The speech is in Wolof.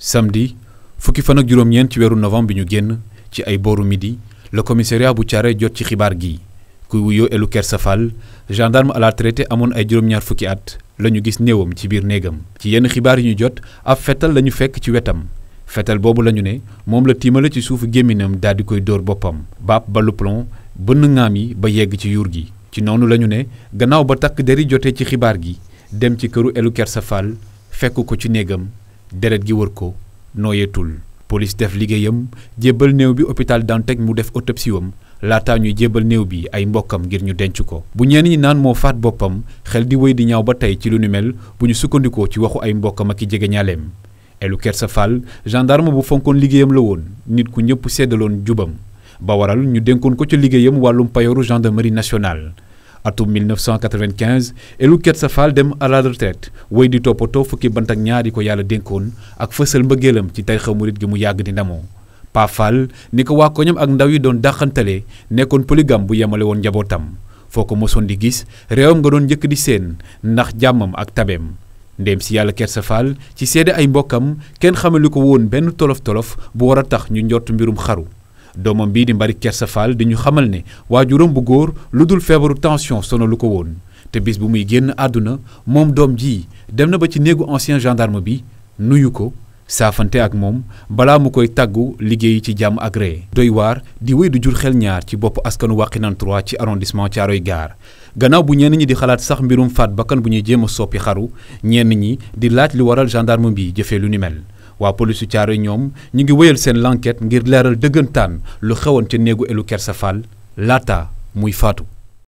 samedi fukki fan ak juróom-ñeent ci weeru novembre bi ñu génn ci ay booru la le bu Thiaroye jot ci xibaar gi kuy wuyoo Elu Kersa Fall gendarme à la retraite amoon ay juróom-ñaar fukki at la ñu gis néewam ci biir néegam. ci yenn xibaar yi ñu jot ab fetal la ñu fekk ci wetam fetal boobu la ñu ne moom la tiimale ci suufu gémminam daal di koy dóor boppam baab balu plomb bënn ngaam yi ba yegg ci yuur gi. ci noonu la ñu ne gannaaw ba takk deri jotee ci xibaar gi dem ci këru Elu Kersa Fall fekk ko ci néegam. deret gi wër ko nooyeetul police def liggéeyam jébbal néew bi hôpital Dantec mu def autopsie wam laataa ñuy jébbal néew bi ay mbokkam ngir ñu denc ko bu ñenn ñi naan moo faat boppam xel di wéy di ñaaw ba tey ci lu ni mel bu ñu sukkandikoo ci waxu ay mbokkam ak i jege ñaaleem Elu Kersa Fall gendarme bu fonkoon liggéeyam la woon nit ku ñëpp seddaloon jubam ba waral ñu dénkoon ko ci liggéeyam wàllum payooru gendarmerie nationale atum 1995 Elu Ketsa Fall dem à la woy di toppatoo fukki bant ak ñaar ko yàlla dénkoon ak fësal mbëggeelam ci tarixa murit gi mu yàgg di ndamoo paafal ni ko waa koñam ak ndaw yi doon dàqantale nekkoon polygame bu yemale woon njabootam foo ko mosoon di gis réewam nga doon njëkk di seen ndax jàmmam ak tabeem ndéem si yàlla Ketsa Fall ci seede ay mbokkam kenn xamelu ko woon benn tolof-tolof bu war a tax ñu njort mbirum xaru doomam bii di Mbari Kersa Fall di ñu xamal ne waajuram bu góor lu dul feebaru tension sonalu ko woon te bis bu muy génn àdduna moom doom ji dem na ba ci néegu ancien gendarme bi nuyu ko saafante ak moom balaa mu koy tàggu liggéey ci jàmm ak doy waar di wéy du jur xel ñaar ci bopp askanu Wakhinane 3 ci arrondissement Thiaroye Gare gannaaw bu ñenn ñi di xalaat sax mbirum faat bakkan bu ñuy jéem a soppi xaru ñenn ñi di laaj lu waral gendarme bi jëfee lu ni mel waa polisu Thiaroye ñoom ñu ngi wéyal seen l'enquête ngir leeral dëggantaan lu xewoon ca néegu Elu sa Fall laata muy faatu